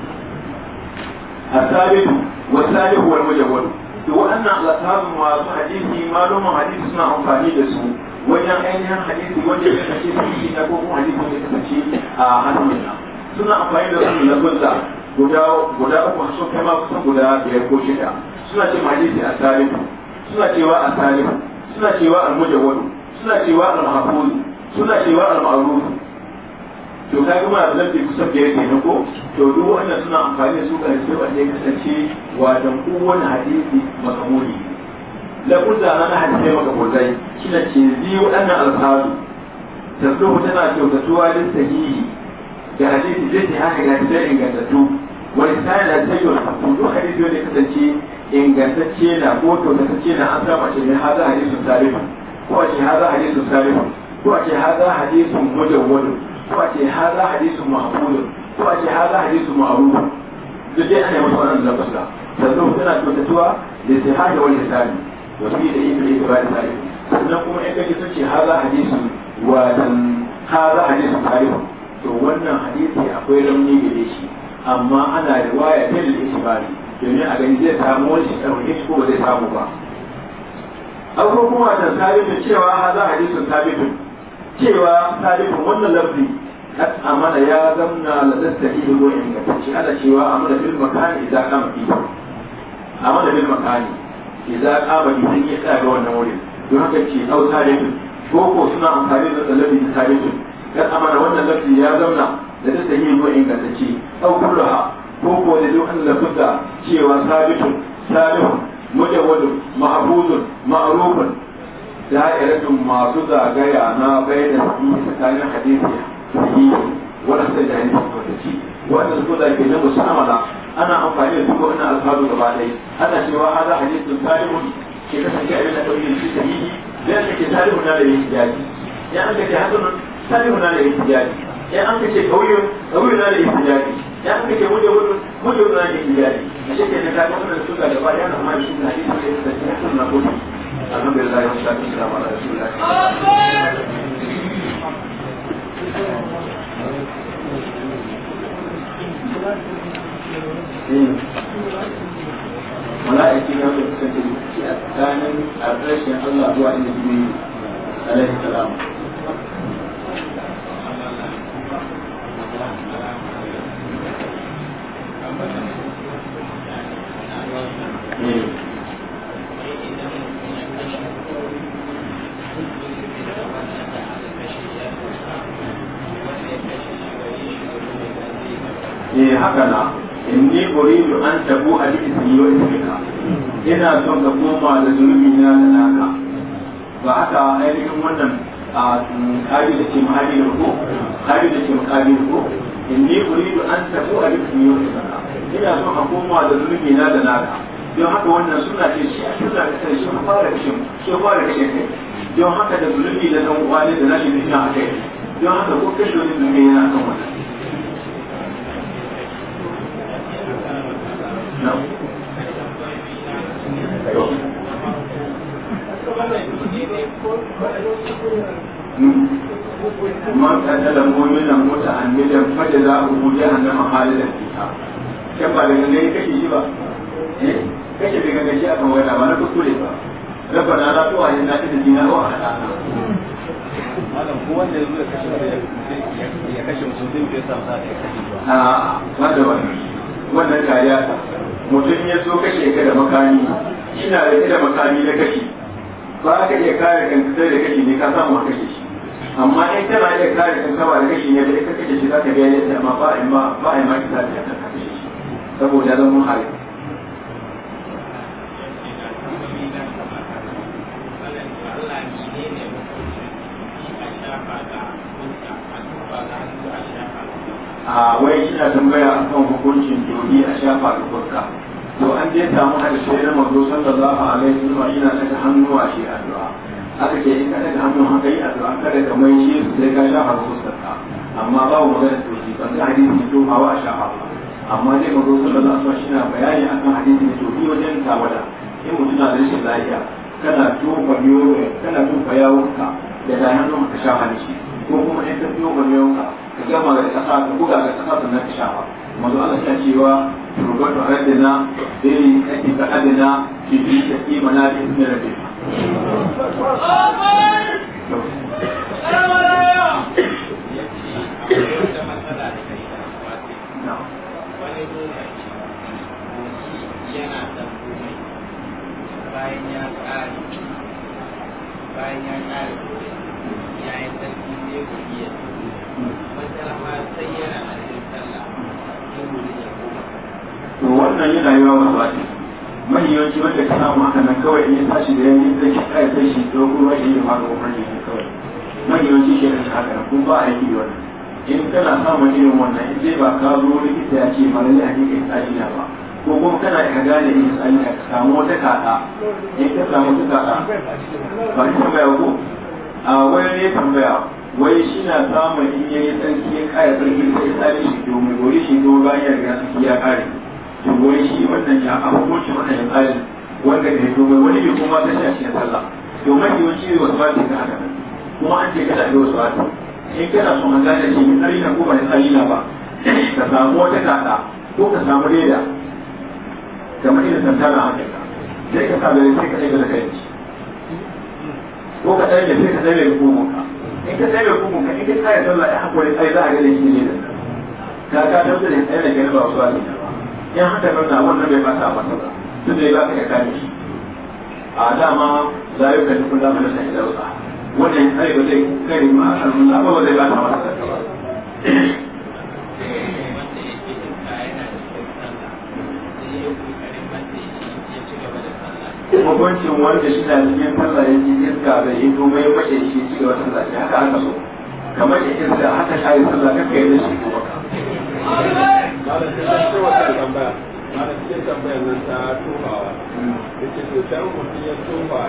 asabitu wa salihu wal mujawwad to wannan alasabu masu hadisi malumin hadisi suna amfani da su wajen ainihin hadisi wanda ya kasance su shi na kuma hadisi wanda ya kasance a hannun na. suna amfani da su na gunza guda uku sun kai ma kusan guda biyar ko shida suna ce ma hadisi asabitu suna cewa an salim suna cewa muje wani suna cewa an mahfuz suna cewa an maruf to kaga ma zan fi kusa da yake ne ko to duk wannan suna amfani da su kan sai wanda ya kasance wajen kowane hadisi makamuli la kudda na hadisi makamulai kina ce zi waɗannan al-salim tana kyautatuwa lin sahihi da hadisi zai haka da sai ingantattu wani sai da sayyid al-mahfuz hadisi ya kasance ingantacce na ko kyautatacce na an saba ce ne haza hadisun sarifin ko a ce haza hadisun sarifin ko a ce haza hadisun mujawwadun ko a ce haza hadisun mahmudun ko a ce haza hadisun ma'rufun duk dai ana musu wannan da fuska sannan tana kyautatuwa da sai hada wani hisabi wa fi da ibn ibrahim sarif sannan kuma in kace sun ce haza hadisun wa dan haza hadisun sarif to wannan hadisi akwai rauni gare shi amma ana riwaya ta lil-ishbari domin a gani zai samu wani ɗauke shi ko ba zai samu ba akwai kuma ta sabitu cewa haza jisun sabitu cewa sabitu wannan lafi a amana ya zamna la tastahilu wa ingantacce ana cewa amana bil makani idza qama A amana bil makani idza kama bi sun yi tsaya ga wannan wurin don haka ce au sabitu ko ko suna amfani da lafi sabitu kad amana wannan lafi ya zamna da tastahilu wa ingantacce au kulluha ko ko da lokacin da kusa cewa sabitun salihun mujawwadun mahfuzun ma'rufun da'iratun masu zagaya na bayyana hadisi tsakanin hadisi sahihi wanda sai da hadisi kwataci wanda su da ke nan musamman ana amfani da duk wannan alfadu gaba ɗaya ana cewa a a za yi hadisin salihun ke kasance abin da ɗauke shi sahihi da yake salihun na da yin jaji ya an ka ce hasanun salihun na da yin jaji ya an kace kauyen kauyen na da istijari ya an kace muje wudu muje wudu na da istijari a shi kenan ka kuma da suka da ba yana amma shi na da istijari da sunna ko alhamdulillah wa sallallahu alaihi wa sallam mala'iki na su kasance a tsakanin a ƙarshen Allah zuwa inda Jibril alaihi salam e haka na ina son ka koma da zunubi na naka ba haka ainihin wannan a kari da ke da ko kari da ke da ko an a ina son a koma da zurfi na da naka don haka wannan suna ce shi a suna da kai sun fara kashe sun fara kashe kai don haka da zurfi da dan uwa ne da nashi da a kai don haka ko kashe wani zurfi yana kan wannan من قتل مؤمنا متعمدا فجزاؤه جهنم خالدا فيها yan ba da gangan kashe shi ba eh, kashe da gangan shi kan wada ba na kuskure ba rabbana la tu'ayyina ila dina wa ala malam ko wanda ya zuwa kashe ya kashe mutum zai bai samu sa ya kashe ba a wanda ba wannan kariya ta mutum ya so kashe ka da makami ina da da makami na kashe ba ka iya kare kan sai da kashe ne ka samu a kashe shi amma in tana iya kare kan ba da kashe ne da ita kashe shi za ta biya ne amma ba a ma ba a ma kita da kashe saboda zama hari a wai kina tambaya kan hukuncin dogi a shafa da kurka to an je samu hadisi na mazo a alaihi wasallam ina daga hannuwa shi addu'a aka ce in ka daga hannun haka yi addu'a kada ka mai shi sai ka shafa da kurka amma mu magana dogi ban ga hadisi to hawa a shafa ba amma dai mazo sallallahu alaihi shi na bayani akan hadisi da tobi wajen tawada in mutum na da rashin lafiya kana tofa miyo kana tofa yawonka da da hannun ka sha hanci ko kuma in ka tofa miyonka ka gama da kasa ka buga ga kasa sannan ka sha ba mazo Allah ya cewa rubatu adana dai kake ka adana ki bi ta imana da ibn rabbi Thank you. bayan ya ƙare bayan ya ƙare ya yi sarki ne godiya wata ma sai yana a cikin sallah ya gudu ya koma to wannan yana yawa mamaki mahiyoci wanda ka samu haka nan kawai in ya tashi da yanzu zai shi kai sai shi dogo wani ya fara umarni ne kawai mahiyoci shi kan haka nan kuma ba a yi wannan in kana samun irin wannan in dai ba ka zo likita ya ce mara lallai a ke kai tsari na ba ko kuma kana ka gane in sai ka samu wata kaka in eh, ka samu wata kaka ba ki tambaya ko a wani ne tambaya wai shi na samun in yayi sarki ya kare sarki sai tsari shi domin gori shi ko bayan ya sarki ya kare to wai shi wannan ya abubuwan wannan ya tsari wanda ne mai wani bi kuma ta shi a sallah domin yawanci wasu ba ta haka kuma an ce kada a wasu ba in kana son a gane shi mai tsari na ko ba ya tsari na ba ka samu wata kaka ko ka samu leda kamar irin tantana haka sai ka sa da sai ka ɗaya da kai ko ka ɗaya da sai ka ɗaya da hukumunka in ka ɗaya da hukumunka in ka tsaya sallah ya hakuri sai za a ga da shi ne da ka ka dauka da ɗaya da gani ba su ba ne in haka nuna wannan bai ba ta masa ba tun da ya ba ka ka kare shi a dama la yi kan kula mana sai da wannan ai ba zai kare ma a kan ba zai ba ta masa ta ba hukuncin wanda shi na cikin sallah ya ji iska da ya zo mai mace shi ci gaba sallah shi haka aka so kamar ya iska haka shayi sallah kaka yi da shi ko baka. Malam cikin tambayar nan ta tofawa, da ke to can mutum ya tofa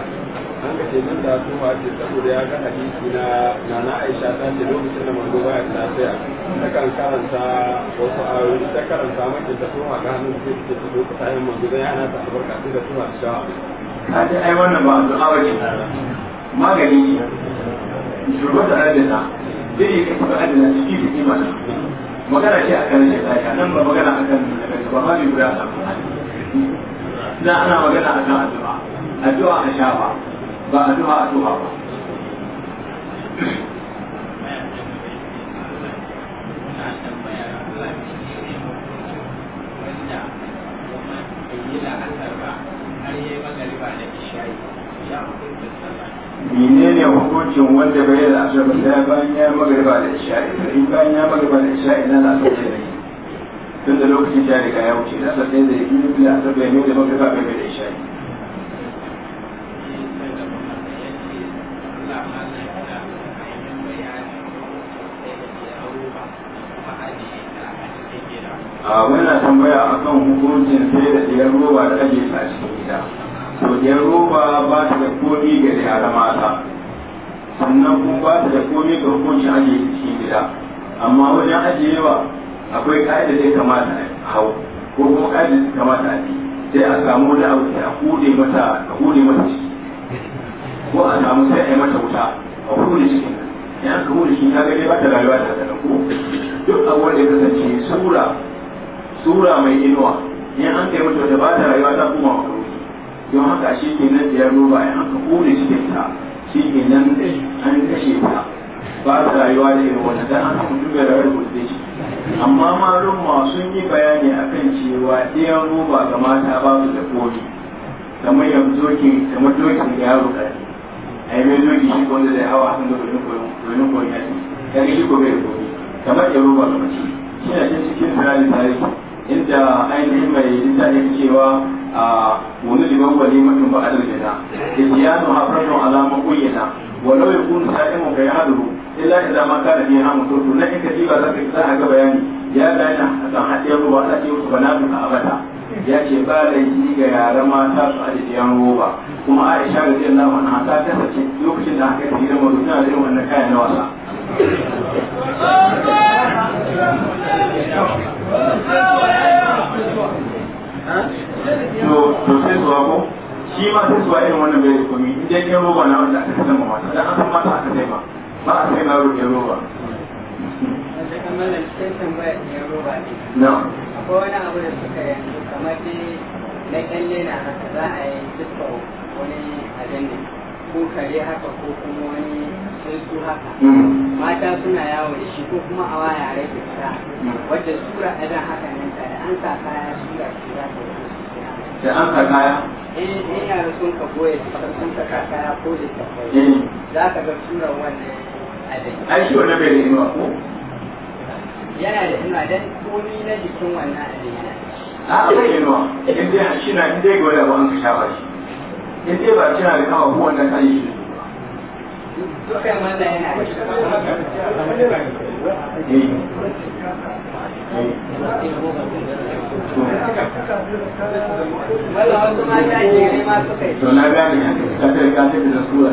an ka ce nan da tofa ce saboda ya ga hadisi na nana Aisha ta ce lokacin da manzo baya ta tsaya ta kan karanta wasu ayoyi ta karanta mace ta tofa ga hannun da ke ta tofa ta yin manzo dan yana ta albarka sai da tofa ta shawa. na ce ai wannan ba addu'a ba ce magani ne shugaba da adana zai ka taɓa adana ciki da imana magana ce a kan shaitaka nan ba magana a kan ba ma bi guda a na ana magana a kan addu'a addu'a a shafa ba addu'a a tuha ba Thank menene hukuncin wanda bai da asar ba sai bayan ya magariba da isha'i sai bayan ya magariba da isha'i nan asar sai zai tun da lokacin jari ka ya wuce asar sai zai yi bi asar bai mai da magariba bai mai da isha'i a muna tambaya akan hukuncin sai da ɗiyar roba da ake sa cikin gida to ɗiyar roba ba ta da komi ga yara mata sannan kuma ba ta da komi ga hukuncin ake cikin gida amma wajen ajiyewa akwai ka'ida da ya kamata a hau ko kuma ka'ida da ya kamata a bi sai a samu wani abu da a hude mata a hude mata ciki ko a samu sai a yi mata wuta a hude cikin in aka hude cikin ta dai ba ta rayuwa ta ko duk abubuwan da ya kasance sura sura mai inuwa in an kai mutu da ba ta rayuwa ta kuma makaruki don haka shi ke nan da ya roba in aka kone shi ta shi ke nan an kashe ta ba ta rayuwa da irin wata dan aka mutum da rayuwa da shi amma malum ma sun yi bayani akan cewa ɗayan roba ga mata ba su da komi kamar yanzu dokin kamar dokin yaro ƙarfi a yi mai doki shi wanda zai hawa hakan da domin koyon yaki ya ga shi ko bai da komi kamar yaro ba kamar shi shi na cikin tsiralin tarihi inda ainihin mai inda yake cewa a wani liban wani mutum ba adal jana isyanu hafratun alama kuyyana walau yakun sa'imu kai haduru illa idza ma kana fi hamu to na in ka ji ba za ka ga bayani ya ga na san hadiyar ruwa da ke ku bana ka abada ya ce ba laifi ga yara mata su ajiyan roba kuma aisha ga jiyan a na ta kasance lokacin da aka yi rama tana da irin wannan kayan na wasa to sai su ko shi ma sai su irin wannan bai komi in dai roba na wanda aka sai ma mata dan an san mata aka sai ba ba a sai na roba akwai wani abu da suka yanzu kamar dai na kyalle na haka za a yi duka wani abin ko kare haka ko kuma wani su haka mm. mata suna yawo da shi ko kuma a waya rage fita mm. wadda sura ɗan haka nan tare an sa kaya sura su za ta da an sa kaya eh, in yara sun ka goya sun ka kaya ko da tafai mm. za ka ga surar wannan ai shi wannan bai nemi ko yana da ina dan komi na jikin wannan abin yana a bai nemi wa in dai shi na in dai ga wani ka shafa shi in dai ba kina da kama ko wannan kan shi dukkan wannan yana da shi yi. To na gane ya, ta da su a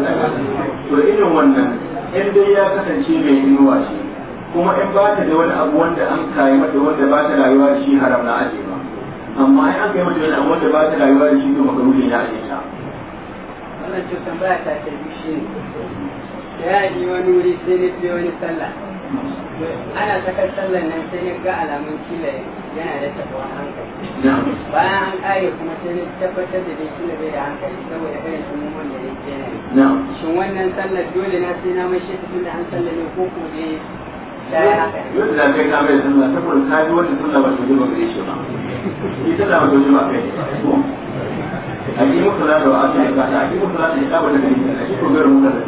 to irin wannan in dai ya kasance mai inuwa shi kuma in ba ta da wani abu wanda an kayi mata wanda ba ta rayuwa da shi haram na aje ba amma in an kai mata wani abu wanda ba ta rayuwa da shi to makaruri na aje ta wannan ce tambaya ta ce shi ya yi wani wuri sai ne wani sallah ana sakar sallar nan sai ya ga alamun kila yana da tabuwa hankali bayan an kare kuma sai ya tabbatar da dai kila bai da hankali saboda irin tumumman da ya ke nan shin wannan sallar dole na sai na mai shi tafi da an sallar ne ko ko dai yau da kai ka bai sunna saboda ka ji wani sunna ba su ji ba gare shi ba shi ta da mutum ba kai a ji mutu da wa aka kasa a da yi ta ba da gari ta shi da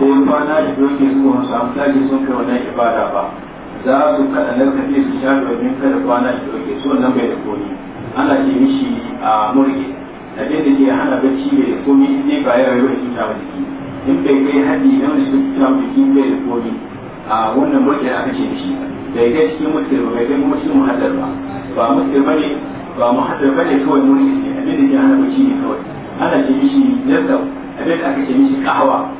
ko kwana da doke su ba samu tashi sun kai wannan ibada ba za su kada lantarki su sha domin kada kwana da doke su wannan bai da komi ana ce mishi a murge abin da ke hana bacci bai da komi sai ba yawa yawa cuta ba jiki in bai kai haɗi na wani cuta ba jiki bai da komi a wannan murge aka ce mishi bai kai cikin mutkir ba bai kai kuma cikin muhaddar ba ba mutkir ba ne ba muhaddar ba ne kawai murge ne abin da ke hana bacci ne kawai ana ce mishi nasau abin da aka ce mishi kahawa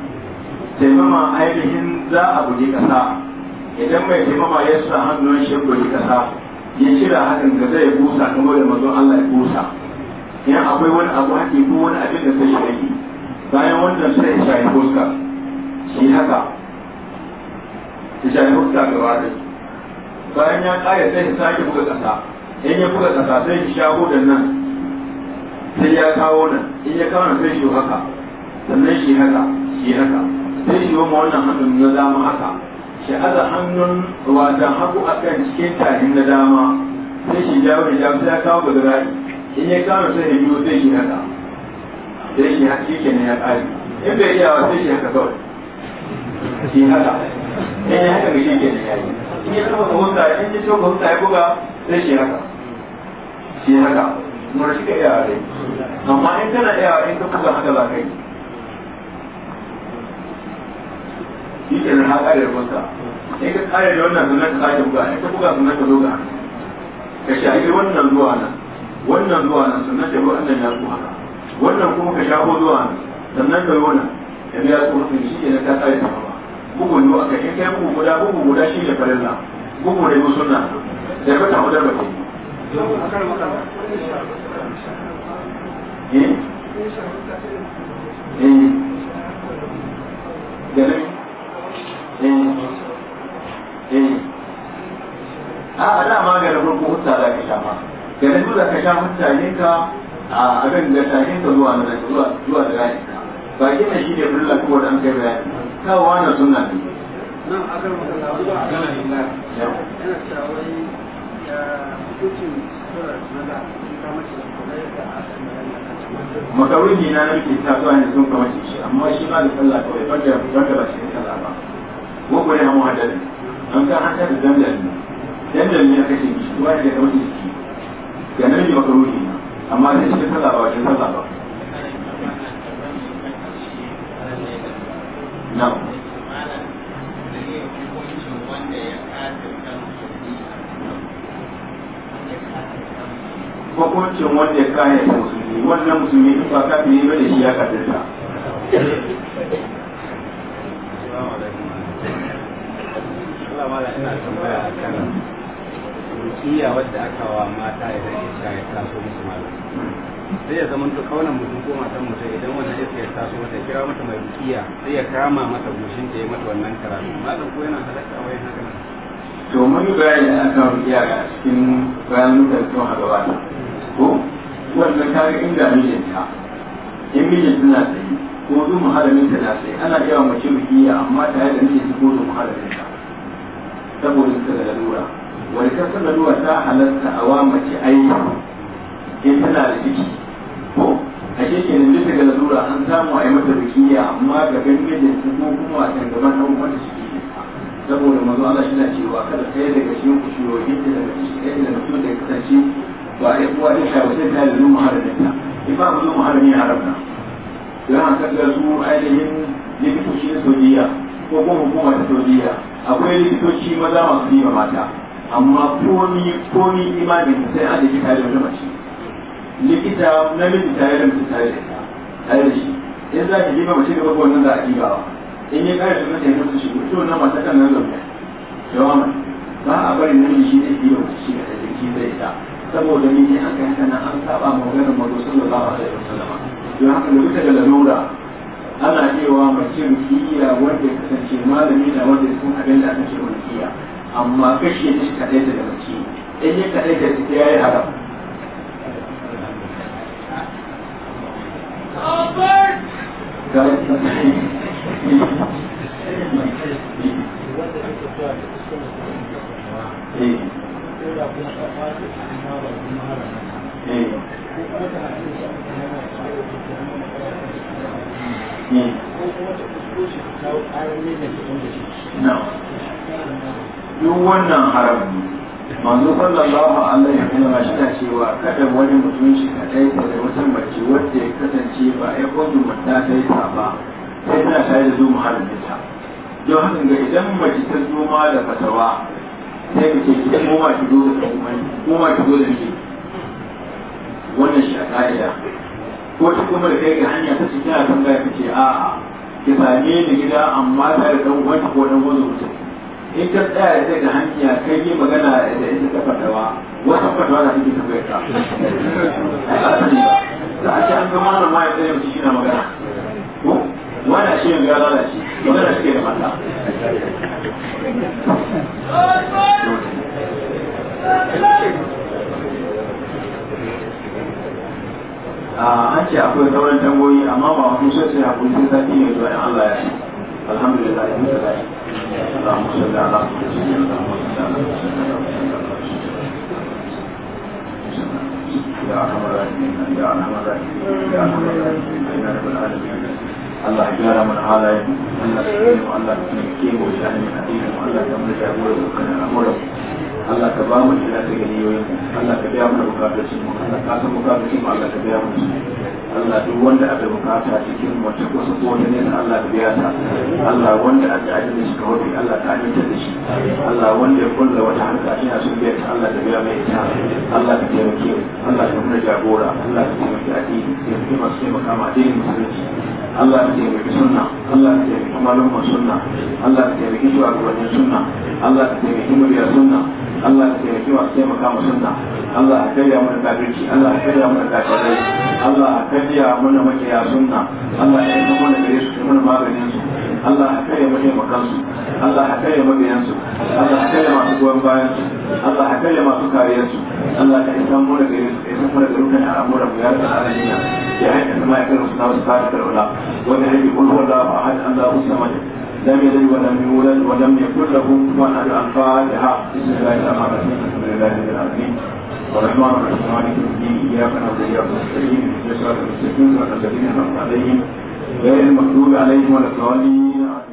taimama ainihin za a buge kasa idan mai taimama ya sa hannun shi buge kasa ya shira hakan da zai busa kamar da mazo Allah ya busa in akwai wani abu haƙi ko wani abin da sai shi bayan wannan sai ya shayi fuska shi haka ya shayi fuska gaba da bayan ya ƙara sai ya sake buga kasa in ya buga kasa sai ya shago da nan sai ya kawo nan in ya kawo nan sai shi haka sannan shi haka shi haka zai yi wa wannan hannun na dama haka shi aza hannun wata hagu a kan cikin tarin na dama sai shi jawo da jawo sai kawo ga zirari in ya kawo sai ya biyo sai shi haka sai shi haka shi ne ya ƙari in bai iya wa sai shi haka kawai shi haka in ya haka shi ne ya yi in ya kafa hunta in ya shoka hunta ya buga sai shi haka shi haka mura shi ka iya wa dai amma in kana iya in ka buga haka ba kai. shi ke nan haka da rubuta sai ka kare da wannan sannan ka sake buga ka buga sannan ka buga ka shafi wannan zuwa nan wannan zuwa nan sannan ka ruwa annan ya su haka wannan kuma ka shafo zuwa nan sannan ka ruwa nan yanzu ya su haka shi ke nan ka kare da ba bugu ne aka kai kai bugu guda bugu guda shi ne farilla bugu ne musunna da ka tamu da baki eh eh da ne Eh, eh. a ah, dama ga da farko za ka sha ma ga da zuwa ka sha mutane, ne ka a abin da shahin ka zuwa na zuwa zuwa da rayu ba ki na shi ne fulla ko da an kai bayani kawo na sunna ne nan a kan masala zuwa a gana illa yana shawai ya hukuncin sura na da ka mace da kuma yadda a kan makaruni na nake ta zuwa ne sun kamace shi amma shi ba da sallah kawai banda da ba shi sallah ba wanda ya hamu hadari don ka haka da dandali dandali ya kashe shi kuma ya ga wani jiki ga nan ne makaroni amma zai shi ta ba wajen sallah ba na'am hukuncin wanda ya kaya musulmi wannan musulmi ba kafin yi bane shi ya kafirta mala ina tambaya a kan rukiya wadda aka wa mata idan iska ya taso musu mala sai ya zama to kaunan mutum ko matan mutum idan wannan iska ya taso mata kira mata mai rukiya sai ya kama mata goshin ta ya mata wannan karatu malam ko yana halatta wai haka nan to mun bayani akan rukiya a cikin bayan da sun haɗa wata ko wanda kare inda mijinta in mijinta na tsaye ko zuwa muharamin ta na tsaye ana iya mace rukiya amma yi da mijinta ko zuwa muharamin ta saboda ta da lalura wani kasar lalura ta halarta a wa mace aiki in tana da ciki ko a shekin nan ta ga lalura an samu a yi mata rukiya amma ga gangan su ko kuma a tangaban ɗan wanda ciki saboda mazu Allah shi na cewa kada ɗaya daga shi ku shiro, rohin da daga ciki ɗaya daga cikin da ya kasance ba a yi kuwa ta shawarar ta da zuwa da ta mu imam zuwa haramin haramna don haka ga su ainihin likitoci na saudiya ko kuma hukumar ta saudiya akwai likitoci maza masu yi wa mata amma komi komi imanin sai an da tare da mace likita namiji tare da mace tare da ita shi in za ki jima mace da babu wannan za a dibawa in ya kare shi mace ya mutu shi mutu na mata kan nan zaune jawama ba a bari namiji shi ne diba mace shi da jiki zai ta saboda ni ne an kai haka nan an saba maganar mazo sallallahu alaihi wasallam don haka da kuka da lalura ana cewa mace rukiya wanda ya kasance malami na wanda ya kuma abin da aka ce rukiya amma kashe ta shi kaɗai da mace in ya kaɗai da ta ya yi haram Eh. eh. eh. ko kuma ta kusko ta kawo ƙarar ne da ta wanda shi duk wannan haramu manzo sallallahu alaihi wa sallam shi ta cewa kada wani mutum shi kadai ko da wata mace wacce ya kasance ba ya kwanta mata ta yi ba sai na tare da zuwa harbinta don haka ga idan mace ta zuma da fatawa sai ka ce idan mu ma ki zo da mu ma ki zo da ni wannan shi a ka'ida ko shi kuma da kai ga hanya ta cikin a tambaya ce a'a ki same ni gida amma ta da dan uwanki ko dan uwan zuwa in ka tsaya da ga hanya kai yi magana da ita ta fadawa wata fadawa da kike tambayar ta da ake an ga malama ya tsaya shi na magana ko wannan shi ne ya lalace magana shi ke da mata Oh, an ce akwai kawai tangoyi amma ba wani sai sai hakuri sai sati ne zuwa Allah ya ce alhamdulillah in ta dai Allahumma salli ala sayyidina Muhammad wa ala alihi wa sahbihi ya arhamar rahimin ya arhamar rahimin ya arhamar rahimin ya rabbal alamin الله يجعل من على ya يكرمه الله يكرمه ya من ya الله يملك أموره ya أموره Allah ka ba mu shirya ta ganiyoyin Allah ka biya mana bukatun mu Allah ka san bukatun mu Allah ka biya mu Allah duk wanda aka bukata cikin wata kusa ko wata nena Allah ka biya ta Allah wanda aka ajin da shi ka hobi Allah ka aminta ta shi Allah wanda ya kulla wata harka shi na sun biya ta Allah ka biya mai ita Allah ka taimake Allah ka muna jagora Allah ka taimake addini taimake masu taimaka ma addinin musulunci Allah ka taimake sunna Allah ka taimake malumman sunna Allah ka taimake shugabannin sunna Allah ka taimake murya sunna Allah ya taimaki masu taimaka mu sunna Allah ya karya mana kafirci Allah ya karya mana kafirai Allah ya karya mana makiya sunna Allah ya yi mana gare su da mana maganin su Allah ya karya mataimakan su Allah ya karya mabiyan su Allah ya karya masu goyon bayan su Allah ya karya masu kariyar su Allah ya isa mana gare su ya isa mana gare su ya amura da ya ta alamiya ya aikata ma ya karya su na wasu kafin karɓa Wani ya yi kulwar da ba a hajji da ya musamman لم يلد ولم يولد ولم يكن له كفوا احد الفاتحه بسم الله الرحمن الرحيم الحمد لله رب العالمين والرحمن الرحيم مالك الدين اياك نعبد واياك نستعين اهدنا الصراط المستقيم صراط الذين انعمت عليهم غير المغضوب عليهم ولا الضالين